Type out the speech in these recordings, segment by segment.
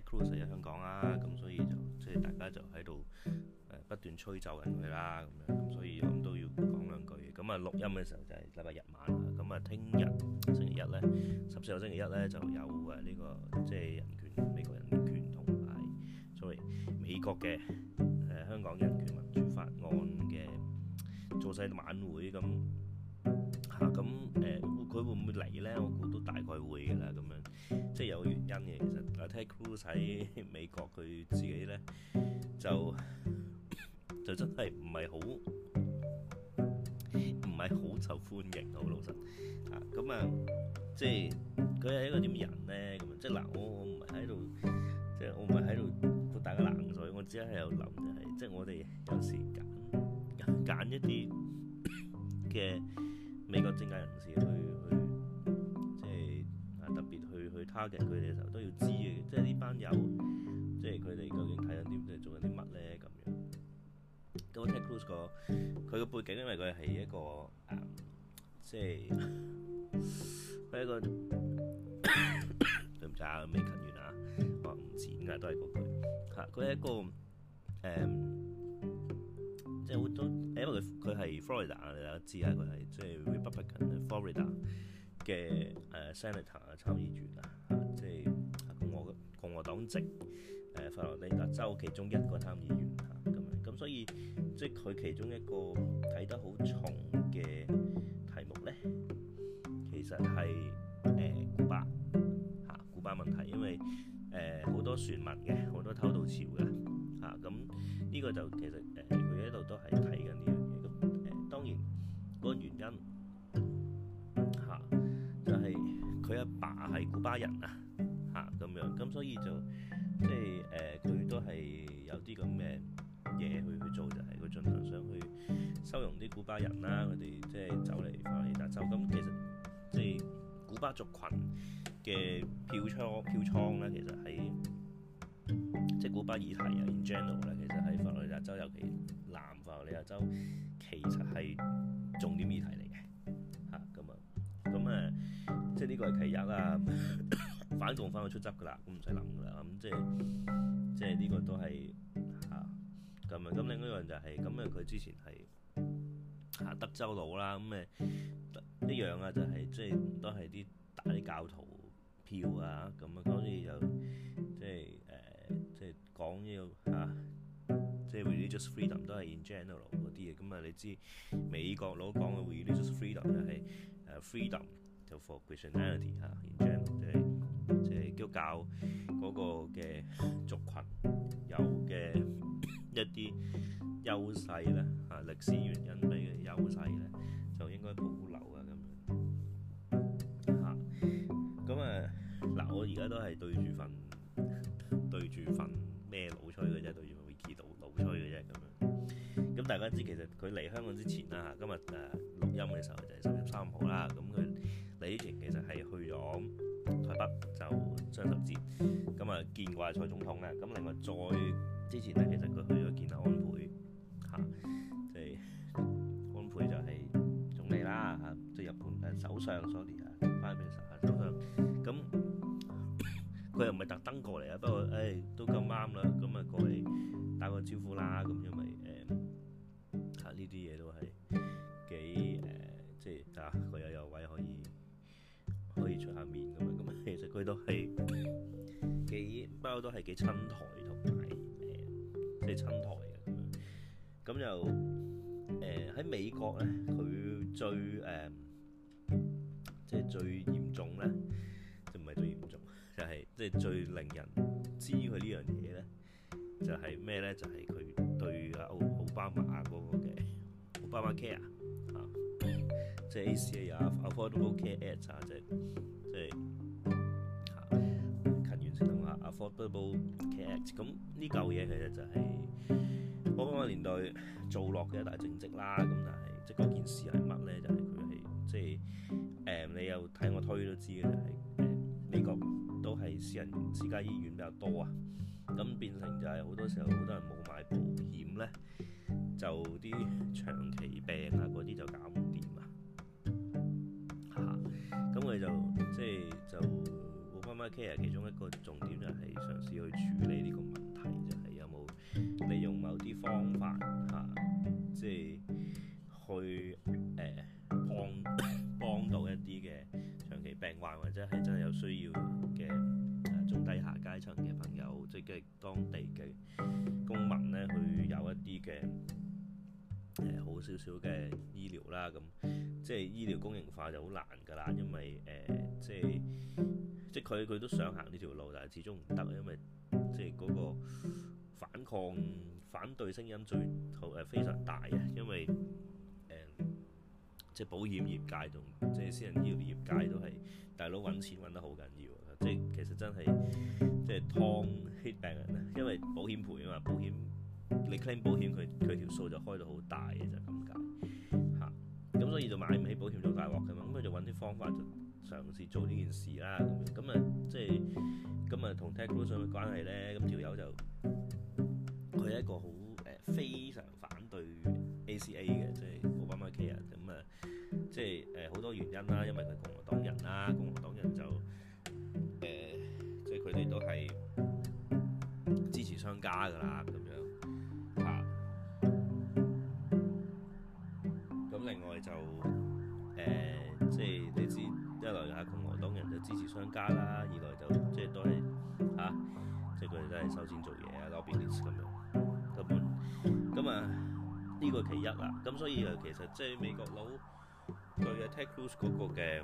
close 喺香港啦，咁所以就即係大家就喺度誒不斷吹走人佢啦，咁樣，所以咁都要講兩句。咁啊錄音嘅時候就係禮拜日晚啦，咁啊聽日星期一咧，十四號星期一咧，就有誒呢個即係人權美國人權同埋所謂美國嘅誒香港人權民主法案嘅做勢晚會咁嚇，咁誒佢會唔會嚟咧？我估都大概會㗎啦咁樣。即係有原因嘅，其實 Ted Cruz 喺美國佢自己咧就就真係唔係好唔係好受歡迎，好老實啊咁啊，即係佢係一個點人咧咁啊，即係嗱，我我唔係喺度，即係我唔係喺度潑大家冷水，我只係有諗就係，即係我哋有時揀揀一啲嘅美國政界人士去。佢哋嘅時候都要知嘅，即係呢班友，即係佢哋究竟睇緊點，即係做緊啲乜咧咁樣。咁我聽 close 過佢嘅背景，因為佢係一個即係佢一個對唔住啊，未 cut 完啊，我唔剪㗎，都係嗰句嚇。佢係一個誒、啊嗯，即係好多，因為佢佢係 Florida，你又知啊，佢係即係、就是、Republican，Florida。嘅誒 Senator 啊參議員啊，即係咁我共和黨籍誒、呃、法羅里達州其中一個參議員嚇咁樣，咁所以即係佢其中一個睇得好重嘅題目咧，其實係誒、呃、古巴吓、啊、古巴問題，因為誒好、呃、多船民嘅好多偷渡潮嘅，嚇咁，呢個就其實誒佢、呃、一路都係睇緊呢樣嘢。古巴人啊，吓、啊、咁樣，咁所以就即係誒佢都係有啲咁嘅嘢去去做，就係佢進行上去收容啲古巴人啦、啊，佢哋即係走嚟佛羅里達州。咁其實即係古巴族群嘅票倉票倉咧，其實喺即係古巴議題啊，in general 咧，其實喺佛羅里達州，尤其南佛羅里達州，其實係重點議題嚟。即係呢個係契一啦、啊， 反共翻去出執噶啦，咁唔使諗噶啦。咁、嗯、即係即係呢個都係嚇咁啊。咁另一樣就係咁啊。佢之前係嚇德州佬啦，咁誒一樣啊，就係即係都係啲大啲教徒票啊，咁、嗯呃呢個、啊，好、就、似、是、又即係誒即係講要嚇即係 religious freedom 都係 in general 嗰啲嘢。咁、嗯、啊，你知美國佬講嘅 religious freedom 就係、是、誒、uh, freedom。就 for personality 嚇，即係即係叫教嗰個嘅族羣有嘅一啲優勢咧嚇，歷史原因俾佢優勢咧，就應該保留啊咁樣嚇。咁啊嗱，我而家都係對住份對住份咩老吹嘅啫，對住 wiki 度老吹嘅啫咁樣。咁大家知其實佢嚟香港之前啦嚇，今日誒錄音嘅時候就係十月三號啦，咁佢。你之前其實係去咗台北就雙十節，咁啊見過阿蔡總統嘅，咁另外再之前咧，其實佢去咗見阿安倍，嚇，即係安倍就係總理啦，嚇，即係日本首相，sorry 嚇，翻面實係首相，咁佢又唔係特登過嚟啊，不過誒都咁啱啦，咁啊過嚟打個招呼啦，咁因為誒睇呢啲嘢都係。面咁啊，咁啊，其實佢都係幾，不嬲都係幾親台同埋誒，即係親台嘅咁樣。咁又誒喺美國咧，佢最誒，即係最嚴重咧，即唔係最嚴重，就係即係最令人知佢呢樣嘢咧，就係咩咧？就係佢對阿奧奧巴馬嗰個嘅奧巴馬 care 啊！即係 ACA 啊，affordable care act 啊，即係即係近完成啊，affordable care act。咁呢舊嘢其實就係嗰個年代做落嘅，一大政績啦。咁但係即係件事係乜咧？就係佢係即係誒你又睇我推都知嘅，就係誒美國都係私人私家醫院比較多啊。咁變成就係好多時候好多人冇買保險咧，就啲長期病啊啲就減。咁佢就即係就奧巴馬 care 其中一個重點就係嘗試去處理呢個問題，就係、是、有冇利用某啲方法嚇、啊，即係去誒、呃、幫 幫到一啲嘅長期病患或者係真係有需要嘅、呃、中低下階層嘅朋友，即係當地嘅公民咧，去有一啲嘅誒好少少嘅醫療啦咁。嗯。即係醫療公營化就好難㗎啦，因為誒、呃，即係即係佢佢都想行呢條路，但係始終唔得，因為即係嗰個反抗、反對聲音最誒、呃、非常大啊，因為誒、呃、即係保險業界同即係私人醫療業界都係大佬揾錢揾得好緊要，即係其實真係即係劏 hit 病人啊，因為保險賠啊嘛，保險你 claim 保險佢佢條數就開到好大嘅就咁搞。所以就買唔起保險做大鑊嘅嘛，咁佢就揾啲方法就嘗試做呢件事啦。咁樣，咁啊，即係咁啊，同 Tech 羅信嘅關係咧，咁條友就佢係一個好誒非常反對 ACA 嘅，即係奧巴馬 care 啊。咁啊，即係誒好多原因啦，因為佢共和黨人啦，共和黨人就誒，即係佢哋都係支持商家㗎啦。咁樣。另外就誒，即係你知，一來嚇共和黨人都支持商家啦，二來就即係都係嚇，即係佢哋都係收錢做嘢啊，lobbyist 咁樣，根本咁啊，呢個係其一啦。咁所以啊，其實即係美國佬對嘅 Take Back the House 嗰個嘅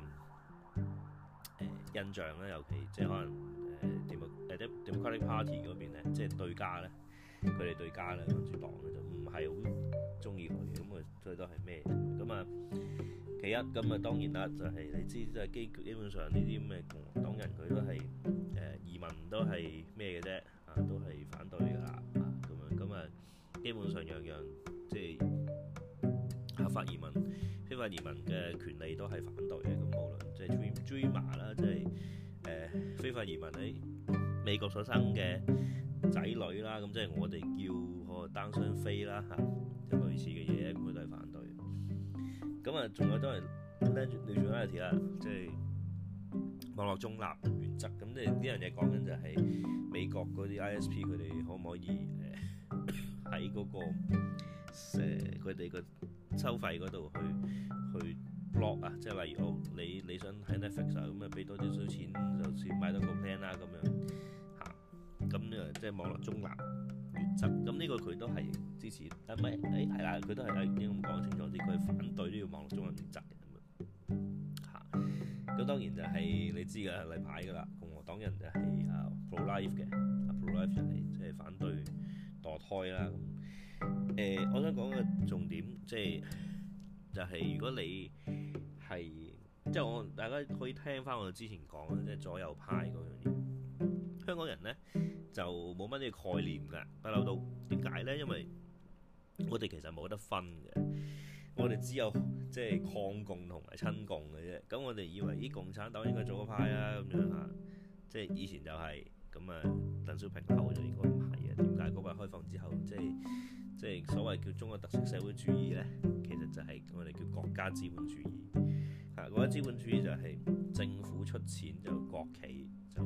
誒印象咧，尤其即係可能誒點啊，誒啲 Democratic Party 嗰邊咧，即係對家咧，佢哋對家咧，民主黨咧就唔係好中意佢嘅咁啊，最多係咩？咁啊，其一咁啊，當然啦，就係、是、你知即係基基本上呢啲咁嘅共和黨人佢都係誒、呃、移民都係咩嘅啫啊，都係反對噶啦咁樣咁啊，基本上樣樣即係、就是、合法移民、非法移民嘅權利都係反對嘅咁，無論即係追追麻啦，即係誒非法移民你。美國所生嘅仔女啦，咁即係我哋叫可單雙飛啦，嚇，即係類似嘅嘢，咁佢哋都係反對。咁啊，仲有都係呢，例如 l a t 即係網絡中立原則。咁即係呢樣嘢講緊就係美國嗰啲 ISP 佢哋可唔可以誒喺嗰個佢哋嘅收費嗰度去去 block 啊？即係例如，好你你想喺 Netflix 啊，咁啊俾多少少錢就算買得個 plan 啦咁樣。咁誒，即係、這個就是、網絡中立原則。咁呢個佢都係支持，誒唔係，誒係啦，佢、哎、都係喺點解咁講清楚啲，佢反對呢個網絡中立原則嘅咁樣。嚇，咁當然就係、是、你知嘅例牌嘅啦。共和黨人就係、是、啊 pro life 嘅、啊、pro life 人嚟，即係反對墮胎啦。誒、呃，我想講嘅重點即係就係、是就是、如果你係即係我大家可以聽翻我哋之前講嘅，即、就、係、是、左右派嗰樣嘢。香港人咧。就冇乜嘢概念㗎，不嬲都點解呢？因為我哋其實冇得分嘅，我哋只有即係、就是、抗共同埋親共嘅啫。咁我哋以為咦，共產黨應該做個派啦、啊，咁樣嚇，即係以前就係咁啊。鄧小平後就應該唔係嘅，點解？嗰個開放之後，即係即係所謂叫中國特色社會主義呢？其實就係我哋叫國家資本主義嚇。嗰、啊、國家資本主義就係政府出錢就國企就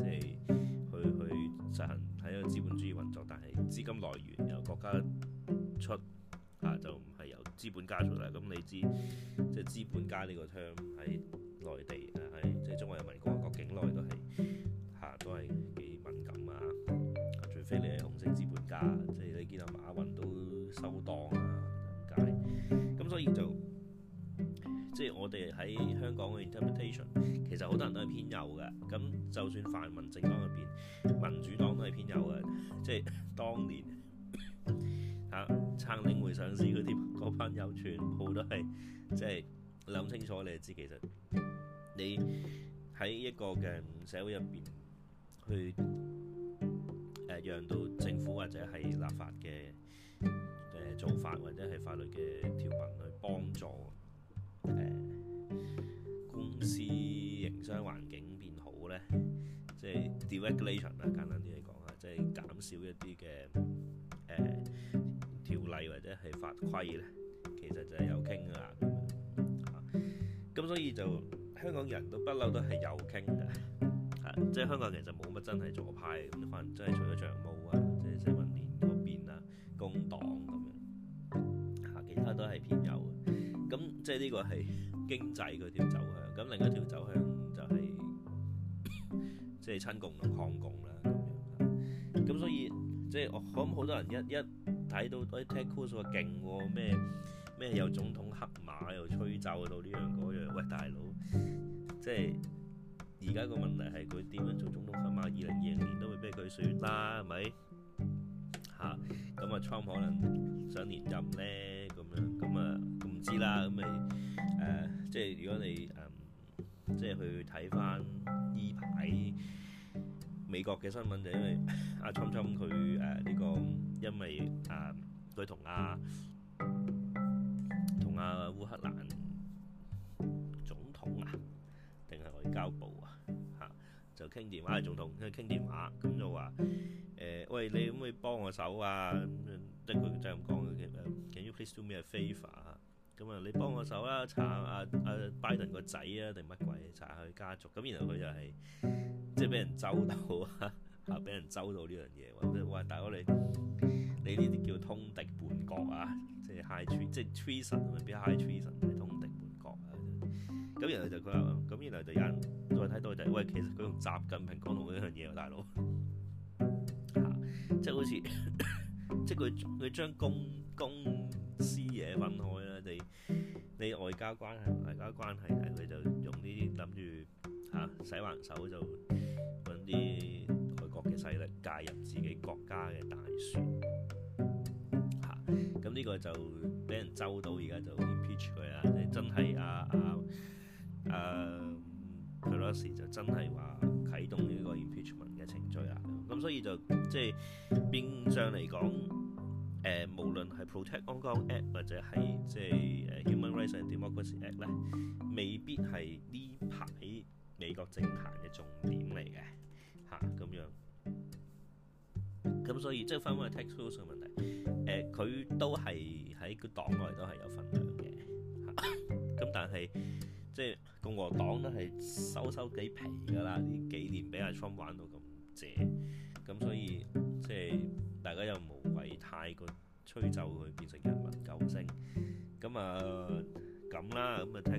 即係。實行係一個資本主義運作，但係資金來源由國家出，啊，就唔係由資本家做啦。咁你知即係資本家呢個 term 喺內地誒，喺即係中華人民共和國境內都係吓，啊，都係幾敏感啊！除非你係紅色資本家，即係你見到馬雲都收檔啊，點解？咁所以就。即係我哋喺香港嘅 interpretation，其實好多人都係偏右嘅。咁就算泛民政黨入邊，民主黨都係偏右嘅。即係當年嚇、 啊、撐領匯上市啲班友，全部都係即係諗清楚，你就知其實你喺一個嘅社會入邊去誒、呃、讓到政府或者係立法嘅誒、呃、做法或者係法律嘅條文去幫助。r e g 簡單啲嚟講啊，即係減少一啲嘅誒條例或者係法規咧，其實就係右傾啊咁樣。咁所以就香港人都不嬲都係右傾嘅，係、啊、即係香港人其實冇乜真係左派，可能真係除咗長毛啊，即係社民連嗰邊啊，工黨咁樣，嚇、啊、其他都係偏右。咁、啊、即係呢個係經濟嗰條走向。咁另一條走向就係、是。即係親共同抗共啦咁樣，咁、啊、所以即係我諗好多人一一睇到我、哎、聽 news 話勁喎，咩咩又總統黑馬又吹奏到呢樣嗰樣，喂大佬，即係而家個問題係佢點樣做總統黑馬？二零二零年都會俾佢選啦，係咪？嚇咁啊，Trump、啊、可能想連任咧，咁樣咁啊唔知啦，咁咪誒即係如果你誒、嗯、即係去睇翻呢排。美國嘅新聞就因為阿侵侵佢誒呢個，因為誒佢同阿同阿烏克蘭總統啊，定係外交部啊嚇，就傾電話係總統，跟住傾電話，咁就話誒，喂你可唔可以幫我手啊？得佢真係咁講嘅，can you please do me a favor？咁啊，你幫我手啦，查阿阿拜登個仔啊定乜鬼，查佢家族。咁然後佢就係。即係俾人揪到啊！嚇，俾人揪到呢樣嘢，或者喂大佬你你呢啲叫通敵叛國啊！即係 high treason，即係 treason，咪變 high treason，係通敵叛國啊！咁然後就佢話，咁、啊、然後就有人再睇到就係、是、喂，其實佢用習近平講到呢樣嘢喎，大佬嚇、啊，即係好似 即係佢佢將公公私嘢分開啦，你你外交關係、外交關係係佢就用呢啲諗住嚇洗橫手就。啲外國嘅勢力介入自己國家嘅大選，嚇咁呢個就俾人周到，而家就 impeach、是、佢啊！真係啊啊啊 Pelosi 就真係話啟動呢個 impeachment 嘅程序啦。咁所以就即係邊上嚟講，誒、就是呃、無論係 Protect America Act 或者係即係誒 Human Rights and Democracy Act 咧，未必係呢排美國政壇嘅重點嚟嘅。嚇咁樣，咁所以即係翻翻去 Texas 嘅問題，誒，佢都係喺個黨內都係有份量嘅，咁但係即係共和黨都係收收幾皮㗎啦，呢幾年俾阿 Trump 玩到咁謝，咁所以即係大家又無謂太過吹奏佢變成人民救星，咁啊咁啦咁啊。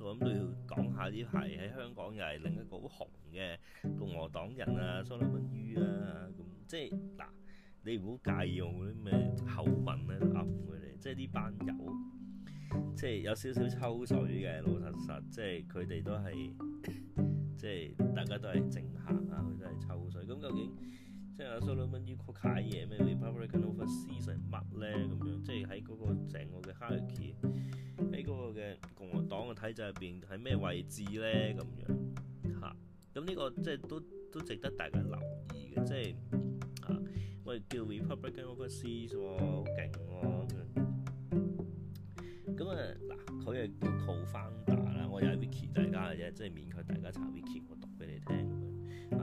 咁都要講下，呢排喺香港又係另一個好紅嘅共和黨人啊，蘇利文於啊，咁即係嗱，你唔好介意用啲咩口吻咧，暗佢哋，即係呢班友，即係有少少抽水嘅，老實實，即係佢哋都係，即係大家都係政客啊，佢都係抽水，咁究竟？阿蘇魯文要講啲嘢咩？Republican Overseas 係乜咧？咁樣即係喺嗰個整個嘅 hierarchy，喺嗰個嘅共和黨嘅體制入邊喺咩位置咧？咁樣嚇，咁、啊、呢、啊這個即係都都值得大家留意嘅。即係啊，我哋叫 Republican Overseas 喎、哦，好勁喎！咁、嗯、啊，嗱，佢係叫 Co-founder 啦，inder, 我有 wiki 大家嘅啫，即係勉強大家查 wiki。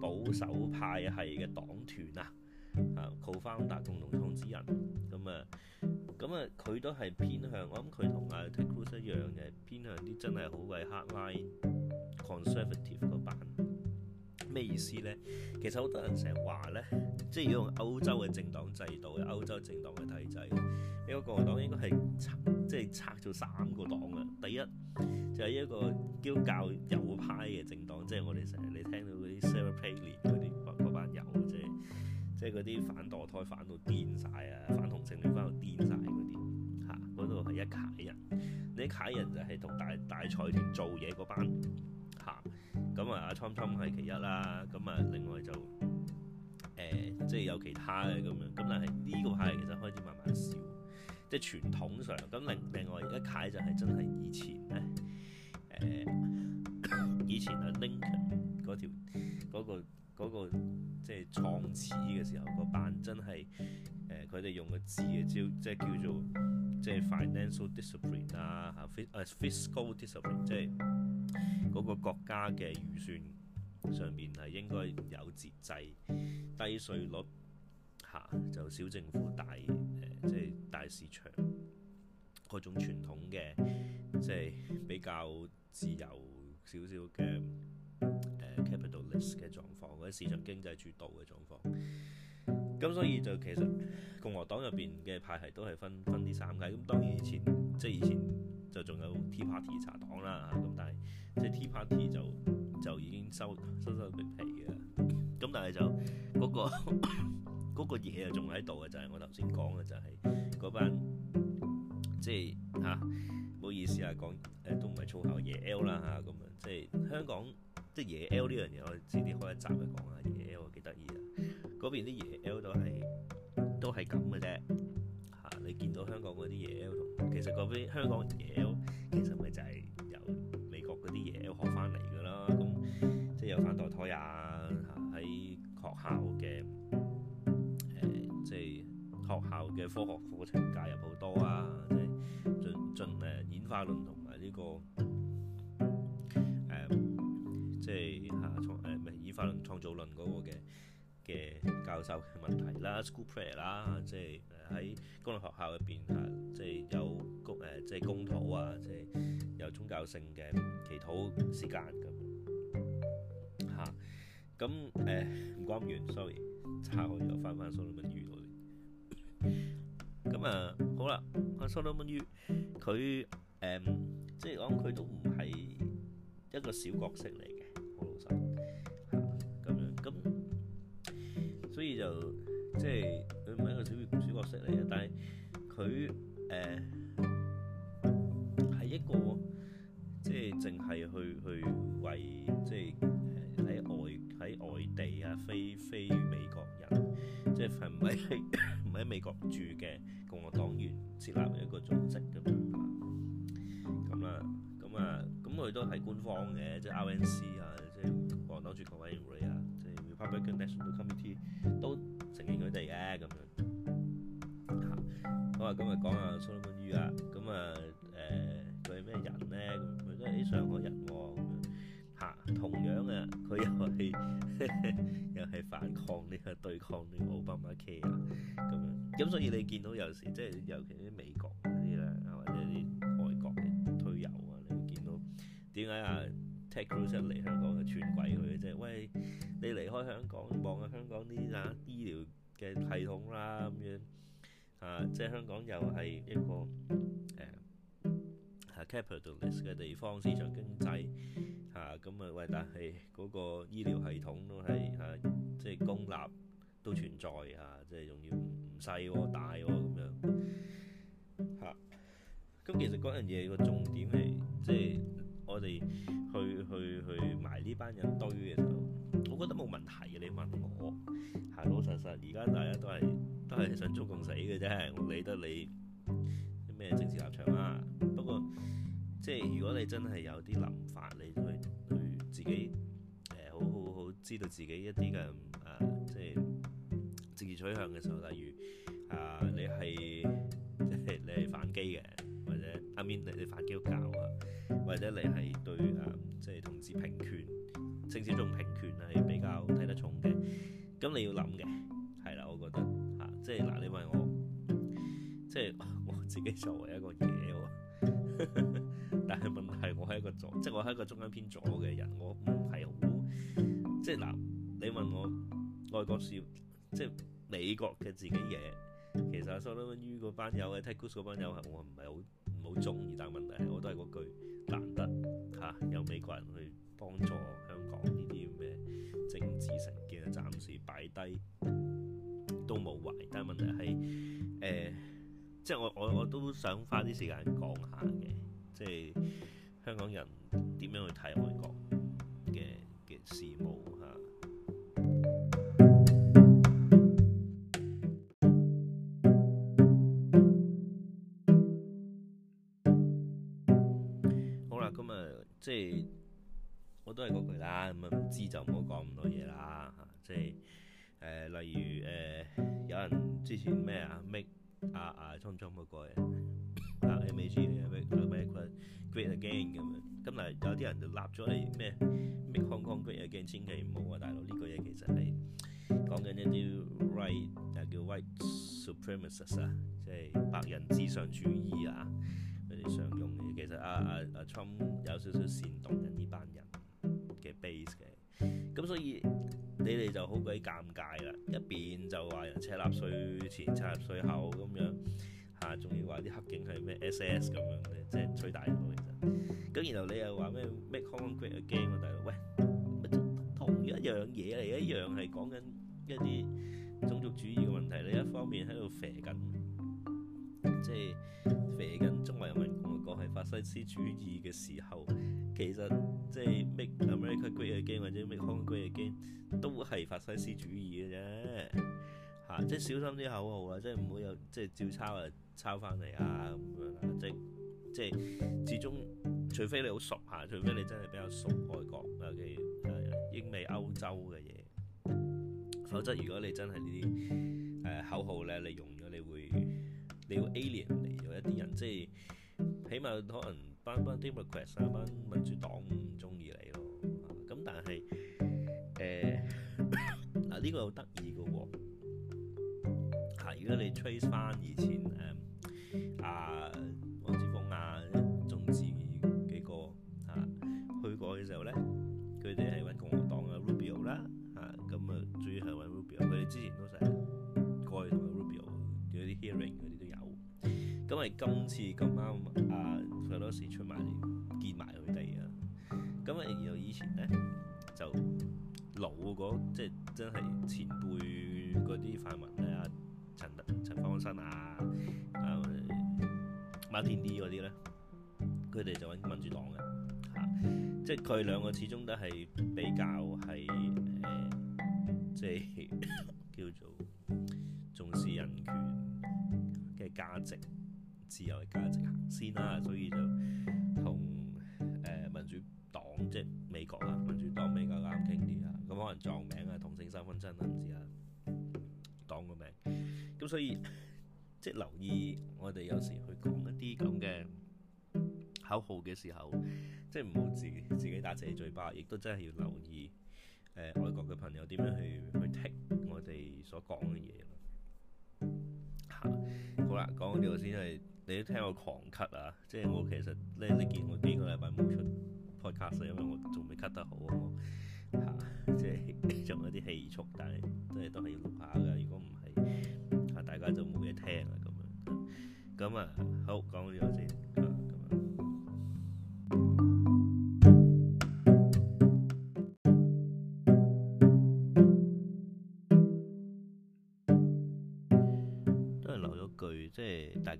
保守派系嘅黨團啊，啊 co-found 共同創始人，咁啊，咁啊，佢都係偏向，我諗佢同阿 Ted Cruz 一樣嘅，偏向啲真係好鬼黑拉 conservative 個版，咩意思咧？其實好多人成日話咧，即係用歐洲嘅政黨制度，歐洲政黨嘅體制。呢個共和黨應該係拆，即係拆咗三個黨嘅。第一就係、是、一個叫較右派嘅政黨，即係我哋成日你聽到嗰啲 Separatist 嗰啲嗰班友，即係即係嗰啲反墮胎反到癲晒啊，反同性戀反到癲晒嗰啲嚇，嗰度係一啓人。你啓人就係同大大財團做嘢嗰班嚇，咁啊阿蒼蒼係其一啦，咁啊另外就誒、呃、即係有其他嘅咁樣，咁但係呢個派其實開始慢慢少。即係傳統上，咁另另外一楷就係真係以前咧，誒、呃、以前啊 Lincoln 嗰條嗰個嗰個即係創始嘅時候個版真係誒佢哋用嘅字嘅招，即係叫做即係 financial discipline 啊，嚇 fi fiscal discipline，即係嗰個國家嘅預算上邊係應該有節制、低稅率。就小政府大誒，即、呃、係、就是、大市場嗰種傳統嘅，即、就、係、是、比較自由少少嘅誒、呃、Capitalist 嘅狀況，或者市場經濟主導嘅狀況。咁所以就其實共和黨入邊嘅派系都係分分啲三界。咁當然以前即係以前就仲有 Tea Party 茶黨啦，咁但係即係 Tea Party 就就已經收收收皮嘅。咁但係就嗰那個。 嗰個野、就是就是就是、啊，仲喺度嘅，就係我頭先講嘅，就係嗰班即係吓，唔好意思啊，講誒、呃、都唔係粗口野 L 啦吓，咁啊，即、就、係、是、香港即係野 L 呢樣嘢，我遲啲開一集去講下野 L 幾得意啊，嗰邊啲野 L 都係都係咁嘅啫嚇，你見到香港嗰啲野 L 同其實嗰邊香港野 L 其實咪就係由美國嗰啲野 L 學翻嚟㗎啦，咁即係有翻代胎呀，喺、啊、學校嘅。科學課程介入好多啊，即係進進誒演化論同埋呢個誒，即係創誒唔係演化論創造論嗰個嘅嘅教授嘅問題啦，school prayer 啦，即係喺公立學校入邊啊，即係有公誒即係公禱啊，即係有宗教性嘅祈禱時間咁嚇。咁誒唔講完，sorry，叉開又翻翻蘇聯嘅議論。咁啊，好啦，阿所羅門於佢誒，即係講佢都唔係一個小角色嚟嘅，好老實咁樣。咁所以就即係佢唔係一個小角色嚟嘅，但係佢誒係一個即係淨係去去為即係喺外喺外地啊，非非美國人，即係係唔係？喺美國住嘅共和黨員設立一個組織咁樣，咁啦，咁啊，咁佢都係官方嘅，即係 RNC 啊，即係共和黨全國委員會啊，即係 Republican National Committee 都承認佢哋嘅咁樣。咁啊，今日講下蘇拉文語啊，咁啊，誒，佢係咩人咧？佢都係上海人喎，嚇同。佢又係 又係反抗呢個對抗呢個奧巴馬 care 咁樣，咁 這樣、 嗯、所以你見到有時即係尤其啲美國嗰啲咧，或者啲外國嘅推友啊，你會見到點解啊 Ted Cruz 一嚟香港就串鬼佢嘅啫？喂，你離開香港望下香港啲啊醫療嘅系統啦咁樣啊，即係香港又係一個誒。呃啊，capitalist 嘅地方，市場經濟嚇，咁啊喂，但係嗰個醫療系統都係啊，即係公立都存在嚇、啊，即係仲要唔細喎大喎咁樣嚇。咁、啊啊、其實嗰樣嘢個重點係，即係我哋去去去埋呢班人堆嘅時候，我覺得冇問題嘅。你問我，係、啊、老實實，而家大家都係都係想捉共死嘅啫，我理得你。政治立場啦，不過即係如果你真係有啲諗法，你去去自己誒、呃，好好好知道自己一啲嘅誒，即係政治取向嘅時候，例如啊，你係你係反基嘅，或者阿面 I mean, 你你反基督教啊，或者你係對誒、呃，即係同志平權、性小眾平權係比較睇得重嘅，咁你要諗嘅係啦，我覺得嚇、啊，即係嗱，你問我即係。自己作為一個嘢喎，但係問題係我係一個左，即係我係一個中間偏左嘅人，我唔係好即係嗱，你問我外國事，即係美國嘅自己嘢，其實啊 Salomon 嗰班友啊 Tikus 嗰班友係我唔係好唔好中意，但係問題我都係嗰句，難得嚇、啊、有美國人去幫助香港，呢啲咩政治成見暫時擺低都冇壞，但係問題係誒。欸即係我我我都想花啲時間講下嘅，即係香港人點樣去睇外國嘅嘅事務啊！好啦，今日即係我都係嗰句啦，咁啊唔知就唔好講咁多嘢啦，即係誒、呃、例如誒、呃、有人之前咩啊搣。啊啊，Tom Tom 嗰個嘅，啊 MAG 嚟嘅，佢咪一個 Great Again 咁樣，咁嚟有啲人就立咗你咩咩 Hong Kong Great Again，千祈唔好啊，大佬呢個嘢其實係講緊一啲 White 啊叫 White Supremacists 啊，即係白人至上主義啊，佢哋常用嘅。其實啊啊啊 Tom 有少少煽動緊呢班人嘅 base 嘅。咁所以你哋就好鬼尷尬啦，一邊就話人七廿歲前插入歲後咁樣，吓、啊、仲要話啲黑警係咩 SS 咁樣嘅，即係最大嘅其實。咁然後你又話咩 Make Hong Kong Great Again 啊大佬，喂，咪同一樣嘢嚟，一樣係講緊一啲種族主義嘅問題。你一方面喺度肥緊。即係肥緊中華人民共和國係法西斯主義嘅時候，其實即係 Make America Great Again 或者 Make Hong Kong Great Again 都係法西斯主義嘅啫。吓，即係小心啲口號啊，即係唔好有即係照抄，抄啊，抄翻嚟，啊咁樣即係即係，始終除非你好熟吓，除非你真係比較熟外國尤其英美歐洲嘅嘢，否則如果你真係呢啲誒口號咧，你用咗你會。你要 alien 嚟，有一啲人即係起碼可能班班 Democrat 啊，班民主黨中意你咯，咁、啊、但係誒嗱呢個好得意嘅喎，如、啊、果你 trace 翻以前。好似今晚啊，費多士出埋嚟見埋佢哋啊！咁啊，然後以前咧就老嗰即係真係前輩嗰啲泛民啊，陳陳方生啊，啊馬天尼嗰啲咧，佢哋就揾民主黨嘅吓，即係佢兩個始終都係比較係誒即係叫做重視人權嘅價值。自由嘅價值先啦，啊，所以就同誒、呃、民主黨即係美國啊，民主黨比較啱傾啲啊，咁可能撞名啊，同性三分真啊唔知啊，黨個、啊、名，咁所以即係留意我哋有時去講一啲咁嘅口號嘅時候，即係唔好自自己打自己嘴巴，亦都真係要留意誒、呃、外國嘅朋友點樣去去聽我哋所講嘅嘢咯。嚇，好啦，講呢度先係。你都聽我狂咳啊！即係我其實咧，你見我幾個禮拜冇出 podcast，因為我仲未咳得好我啊！嚇，即係仲有啲氣促，但係都係都係要錄下㗎。如果唔係，啊大家就冇嘢聽啦咁樣。咁、嗯、啊，好講咗先。